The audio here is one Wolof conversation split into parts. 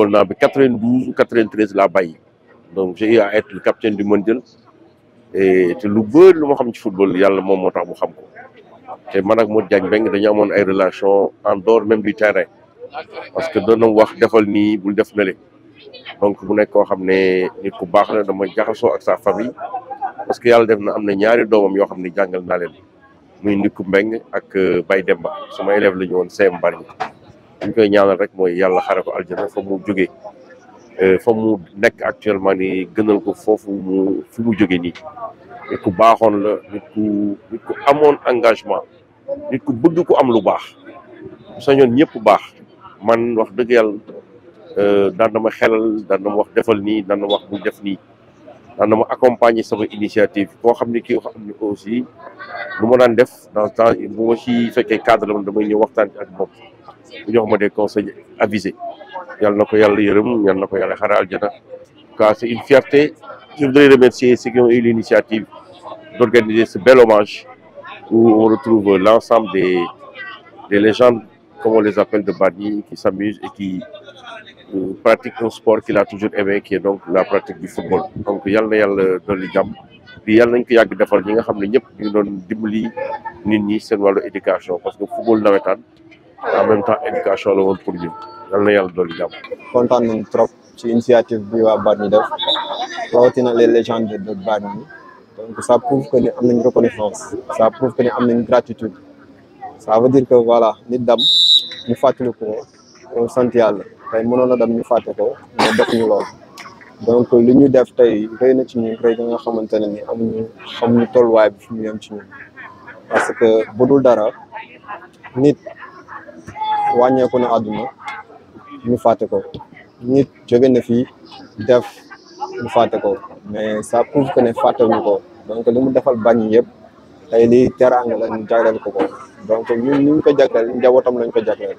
football naa ba 92 ou 93 laa bàyyi donc j'ai eu à être le capitaine du mondial et te lu bëri lu ma xam ci football yàlla moom moo tax mu xam ko te man moo Modou Diagne Mbengue dañu amoon ay relation en dehors même du terrain parce que doon na wax defal nii bul def na le donc mu nekk koo xam ne nit ku baax la dama jaxasoo ak sa famille parce que yàlla def na am na ñaari doomam yoo xam ne jàngal naa leen muy Ndiku Mbengue ak euh, Baye Demba suma élève la ñu woon CM Bargny ñu koy ñaanal rek moy yalla xara ko aljana fa mu euh fa mu nek actuellement ni gënal ko fofu mu fu mu joggé ni nit ku baaxoon la nit ku nit ku amone engagement nit ku bëgg ku am lu sa ñoon ñepp bax man wax dëgg yàlla eh, daan na ma xelal daan na wax defal ni daan na wax bu def ni daan na ma accompagner sama initiative ko xamni ki wax xam aussi Nous nous daan def dans temps bu ma ci fekkee cadre la man damay ak bopp bu jox ma des conseils avisés il na a yàlla il y a le xara c'est une fierté je voudrais remercier ceux qui ont eu l'initiative d'organiser ce bel hommage où on retrouve l'ensemble des des légendes comme on les appelle de Bani, qui s'amusent et qui euh, pratiquent un sport qu'il a toujours aimé qui est donc la pratique du football donc a na yàlla dolli jàmm bi yàlla nañ ko yàgg defal ñi nga xam ne ñëpp ñu doon dimbali nit ñi seen wàllu éducation parce que football nawetaan en même temps éducation la woon pour ñun yal na yàlla dolli jàmm. kontaan nañ trop ci initiative bi waa Bargny def rawatina les légendes de Bargny donc ça prouve que ni am nañ reconnaissance ça prouve que am nañ gratitude ça veut dire que voilà nit dam ñu fàttaliku ko sant yàlla tey mënoon na dam ñu fàtte ko mais def ñu lool. donc li ñu def tey rëy na ci ñun rëy nga xamante ne ni amuñu xamuñu tolluwaay bi fi mu yem ci ñun parce que bu dul dara nit wàññeeku na àdduna ñu fàtte ko nit jóge na fi def nu fàtte ko mais ça prouve que ne fàttewuñu ko donc li mu defal bañ yëpp tey lii teraanga la ñu jagleel ko ko donc ñun ñu ko jagleel njabootam lañ ko jagleel.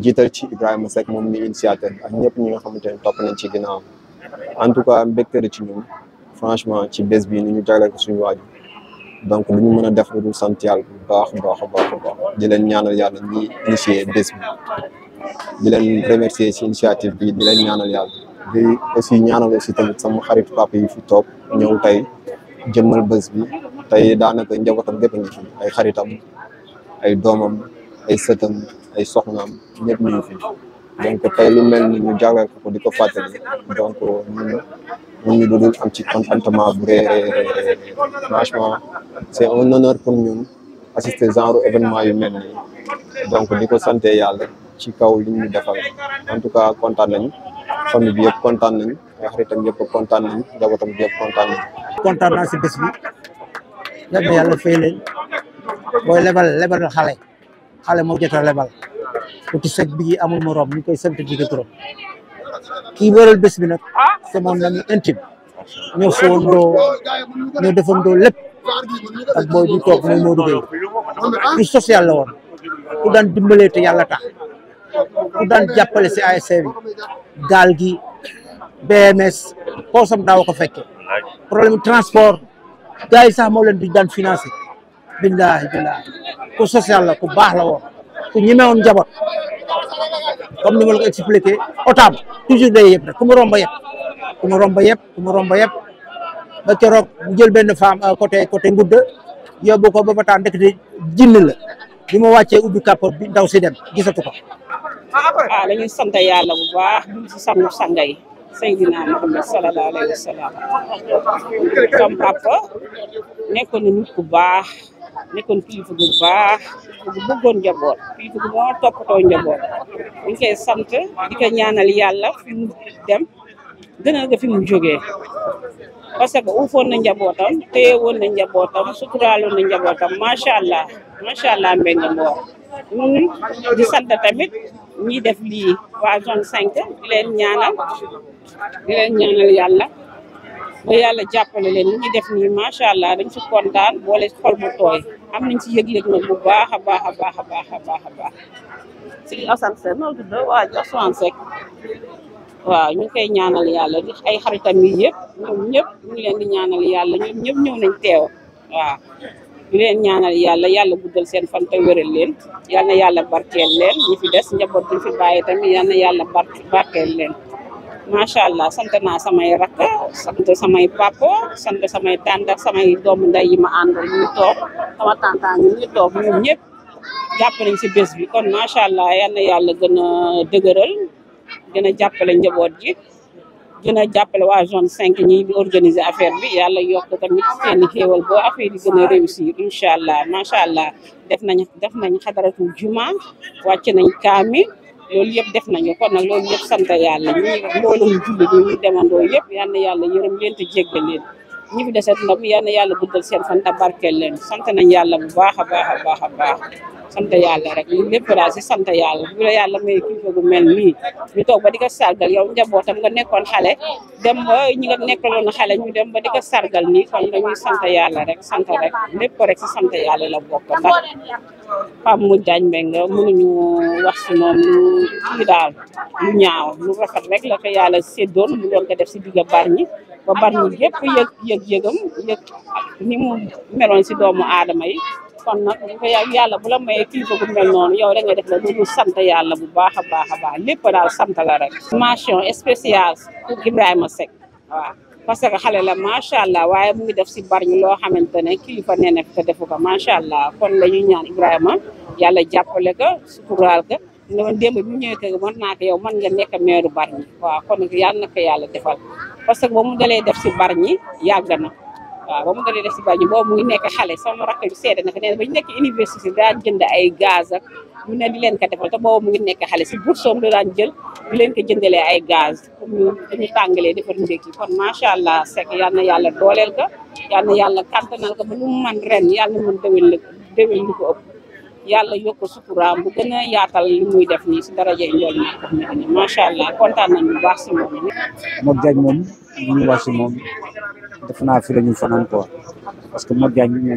jiital ci Ibrahima Seck moom mi initiateur ak ñëpp ñi nga xamante ne topp nañ ci ginaaw en tout cas am mbégte la ci ñun franchement ci bés bi ni ñu jagleel ko suñu waaju donc lu ñu mën a def lu dul sant yàlla bu baax baax baax baax di leen ñaanal yàlla ñi initié bés bi di leen remercier ci initiative bi di leen ñaanal yàlla di aussi ñaanal aussi tamit sama xarit papa yi fi toog ñëw tey jëmmal bés bi tey daanaka njabootam bépp ngi fi ay xaritam ay doomam ay sëtam ay soxnaam ñëpp ñu ngi fi donc tey lu mel ni ñu jàngal ko di ko fàttali donc ñun ñun ñu dudul am ci contentement bu rëy franchement c'est un honneur pour ñun assister genre événement yu mel nii donc di ko sante yàlla ci kaw li ñu defal en tout cas kontaan nañ famille bi yëpp kontaan nañu ay xaritam yëpp kontaan nañu njabootam bi yëpp kontaan nañu. kontaan naa si bés bi yàlla yàlla fay leen mooy lebal lebal xale. xalé mo jottal lebal ko ci sëg bi amul morom ñu koy sant ci ko trop kii waral bés bi nak sa mon ami intime ñu fondo ñu defandoo lepp ak booy bi tok mooy Modou bi ci social la woon ku daan dimbalé te yalla tax ku daan jappalé ci ASC dal gi BMS poosam daaw ko fekke problème transport gars sax mo leen di daan financer billahi billahi ku social la ku baax la woon ku ñemewoon njaboot comme ni ma la ko expliqué otaam toujours day yëpp rek ku mu romb yëpp ku mu romb yëpp ba keroog jël benn femme euh, côté côté ngudda yóbbu ko ba bataan dëkk di jinn la bi ma wàccee ubbi kàpp bi ndaw si dem gisatu ko. ah dañuy sant yàlla bu baax si sàmm sanga yi Seydina papa nekkoon na ku baax. nekkoon kilifa bu baax bu bëggoon njaboot kilifa bu moo toppatoo njaboot ñu ngi sant di ñaanal yàlla fi mu dem gën a nga fi mu jógee parce que uufoon na njabootam téye woon na njabootam suturaaloon na njabootam macha allah macha allah Mbengue Mbour sant tamit ñi def lii waa zone cinq di leen ñaanal di leen ñaanal yàlla ba yàlla jàppale leen li ñu def nii macha allah dañ si kontaan boole xol bu tooy am nañ ci yëg-yëg bu baax a baax a baax a baax a baax a baax si Assane Seck noo tudd waa Assane Seck waaw ñu ngi koy ñaanal yàlla di ay xaritam yi yëpp ñoom ñëpp ñu leen di ñaanal yàlla ñoom ñëpp ñëw nañ teew waaw ñu leen ñaanal yàlla yàlla guddal seen fan te wéral leen yàlla yàlla barkeel leen ñi fi des njaboot ñu fi bàyyi tamit yal na yàlla barkeel leen macha allah sant naa samay rakk sant samay papa sant samay tànt ak samay doomu nday yi ma àndal ñu toog sama tantaa ngi ñu toog ñoom ñëpp jàpp nañ si bés bi kon macha allah yal na yàlla gën a dëgëral gën a jàppale njaboot ji gën jàppale waa zone cinq ñi di organiser affaire bi yàlla yokk tamit seen xéewal boo affaire yi gën a réussir incha allah macha allah def nañ def nañ xadaratul wàcc nañ kaami loolu yëpp def nañu kon nag loolu yëpp sant yàlla ñi mboolum jullit ñi ñu demandoo yëpp yal na yàlla yërëm leen te jéggal leen ñi fi deset ndam yal na yàlla guddal seen fan te barkeel leen sant nañ yàlla bu baax a baax a baax a baax sant yàlla rek li lépp daal si sant yàlla bu la yàlla may kilifa gu mel nii ñu toog ba di ko sargal yow njabootam nga nekkoon xale dem ba ñi nga nekkaloon xale ñu dem ba di ko sargal nii kon dañuy sant yàlla rek sant rek lépp rek si sant yàlla la bokk ndax pam mu jaañ mbéy nga mënuñu wax si moom lu kii daal lu ñaaw lu rafet rek la ko yàlla séddoon mu doon ko def si digga bar ñi ba bar ñi yëpp yëg yëgam yëg ni mu meloon si doomu aadama yi kon nag yàlla bu la mayee kilifa gu mel noonu yow da nga def la du sant yàlla bu baax a baax a baax lépp daal santa la rek. mention spéciale pour Ibrahima Seck waaw parce que xale la macha allah waaye mu ngi def si Bargny loo xamante ne kilifa nee na te defu ko macha allah kon la ñuy ñaan Ibrahima yàlla jàppale ka suturaal ko. noonu démb bi mu ñëwee kër mën naa ko yow mën nga nekk meeru Bargny waaw kon yàlla na ko yàlla defal parce que ba mu dalee def si Bargny yàgg na waaw ba mu gën a def si bàjj boobu mu ngi nekk xale sama rakk ju seede naka nee na ba ñu nekk université daan jënd ay gaz ak mu ne di leen ko defal te boo mu ngi nekk xale si boursom la daan jël di leen ko jëndalee ay gaz pour ñu ñu tàngalee defar ndékki kon macha allah Seck yal na yàlla dooleel ko yal na yàlla kàttanal ko ba lu mu man ren yal na mën déwén la déwén lu ko yàlla yokk suturaam bu gën a yaatal li muy def nii si daraja njool mi wax na ni allah kontaan nañ bu baax moom Modou Diagne moom li ñu wax moom def naa fi la ñu fanaan quoi parce que Modou Diagne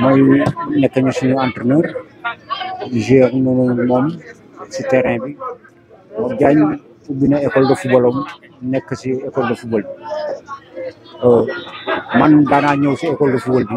moom mooy nekk suñu entraîneur moom si terrain bi moo Diagne ubbi na école de football am nekk si école de football bi euh, man ñëw si école de football bi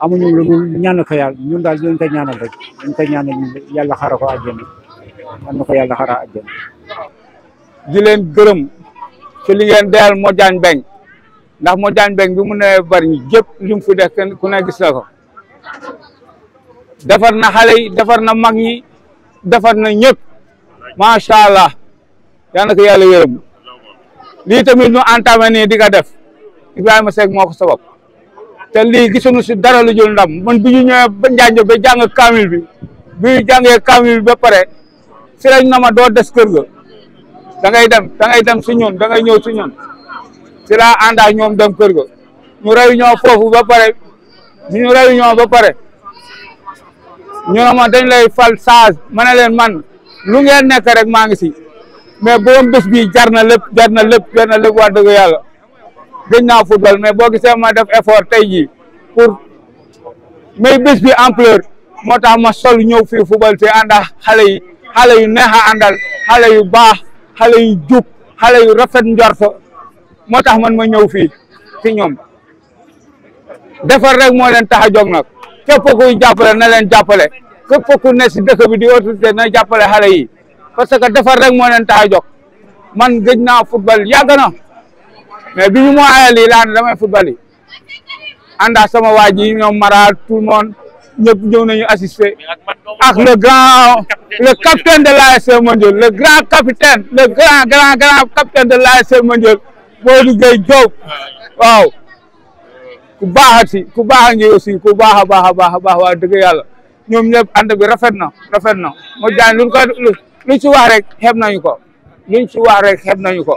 amuñu lu ñaan ko yalla ñun dal ñu tay ñaanal rek ñu tay ñaanal yalla xara ko àjjana man ko yalla xara àjjana di leen gërëm ci li ngeen mo Modiane beñ ndax Modiane beñ bi mu ne bar ñi jëpp lim fi def ku ne gis na ko defar na xalé yi defar na mag ñi defar na ma sha allah yàlla ko yalla yërëm li tamit ñu entamé di ka def Ibrahima sek moko sabab te lii gisuñu si dara lu jël ndam man bi ñu ñëwee ba Njaañ ba jàng kaamil bi bi ñu jàngee kaamil bi ba pare si lañ doo des kër ga da ngay dem da ngay si ñun da ñëw si ñun si ànd ak ñoom dem kër ga ñu réunion foofu ba pare ñu réunion ba pare dañ lay fal saag ma ne leen man lu ngeen nekk rek maa ngi si mais borom bés bi jar na lépp jar na lépp jar na lépp dëgg yàlla. gëj naa football mais boo gisee ma def effort tey jii pour may bés bi ampleur moo tax ma sol ñëw fi football fii ànd ak xale yi xale yu neex a àndal xale yu baax xale yu jub xale yu rafet njort moo tax man ma ñëw fii ci ñoom defar rek moo leen tax a jóg nag képp kuy jàppale na leen jàppale képp ku ne si bi di autorité na jàppale xale yi parce que defar rek moo leen tax a jóg man gëj naa football yàgg na mais bi ñu moo ayal lii laa ne damay football yi ànd sama waa ji ñoom Mara tout le monde ñëpp ñëw nañu assister ak le grand le capitaine de l'ASC Mandiol le grand capitaine le grand grand de l'ASC Mandiol Modou Gueye Diop waaw ku baaxati ku baax a aussi ku baax a baax a baax a dëgg yàlla ñoom ñëpp ànd bi rafet na rafet na moo jaan luñ ko luñ ci wax rek xeeb nañu ko luñ ci nañu ko